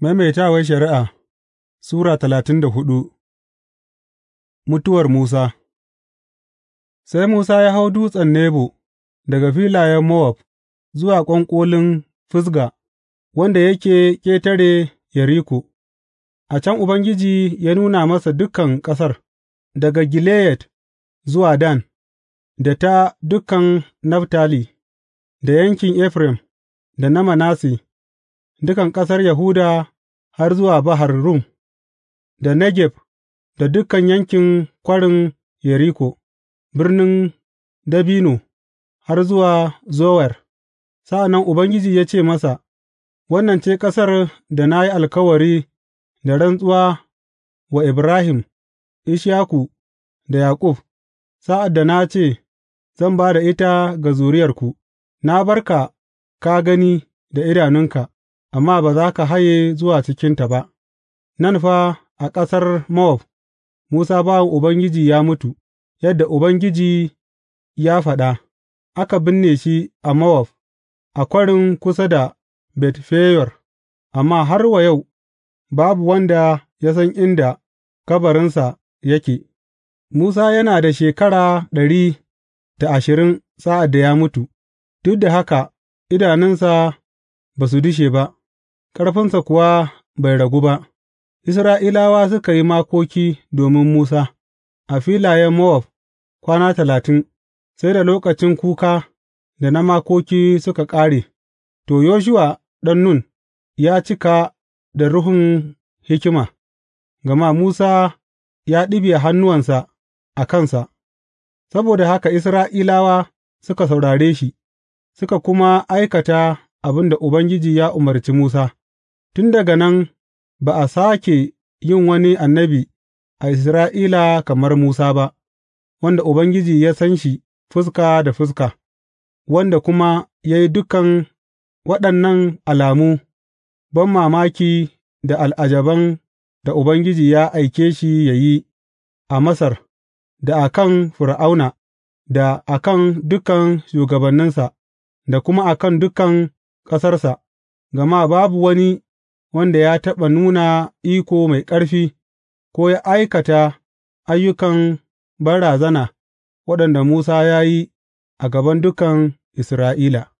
Maimaitawar Shari'a Sura talatin da hudu Mutuwar Musa Sai Musa ya hau Dutsen Nebo daga filayen Mowab zuwa ƙwanƙolin Fisga wanda yake ƙetare Yeriko, a can Ubangiji ya nuna masa dukan ƙasar, daga Gileyad zuwa Dan, da ta dukan Naftali, da yankin Efraim, da na Manasse. dukan ƙasar Yahuda har zuwa Bahar Rum, da Negeb, da dukan yankin kwarin Yeriko, birnin Dabino, har zuwa Zowar. Sa'an nan Ubangiji ya ce masa, Wannan ce ƙasar da na yi alkawari da rantsuwa wa Ibrahim, Ishaku da Yaƙub, sa'ad da na ce, Zan ba da ita ga zuriyarku, na barka ka gani da idanunka. amma ba za ka haye zuwa cikinta ba, nan fa a ƙasar Mowab, Musa bawan Ubangiji ya mutu, yadda Ubangiji ya faɗa, aka binne shi a Mowab, a kwarin kusa da Bet Feyor, amma har wa yau babu wanda ya san inda kabarinsa yake. Musa yana da shekara ɗari da ashirin sa'ad da ya mutu, duk da haka idanunsa ba su dushe ba. ƙarfinsa kuwa bai ragu ba, Isra'ilawa suka yi makoki domin Musa a filayen Mowab kwana talatin, sai da lokacin kuka da na makoki suka ƙare, to, Yoshuwa ɗan Nun ya cika da ruhun hikima, gama Musa ya ɗibiya hannuwansa a kansa, saboda haka Isra'ilawa suka saurare shi, suka kuma aikata abin da Ubangiji ya umarci Musa. Tun daga nan ba a sāke yin wani annabi a Isra'ila kamar Musa ba, wanda Ubangiji ya san shi fuska da fuska, wanda kuma ya yi dukan waɗannan alamu, ban mamaki da al'ajaban da Ubangiji ya aike shi ya yi a Masar, da a kan Fir'auna, da a kan dukan shugabanninsa, da kuma a kan dukan ƙasarsa, gama babu wani wanda ya taɓa nuna iko mai ƙarfi, ko ya aikata ayyukan barazana waɗanda Musa ya yi a gaban dukan Isra'ila.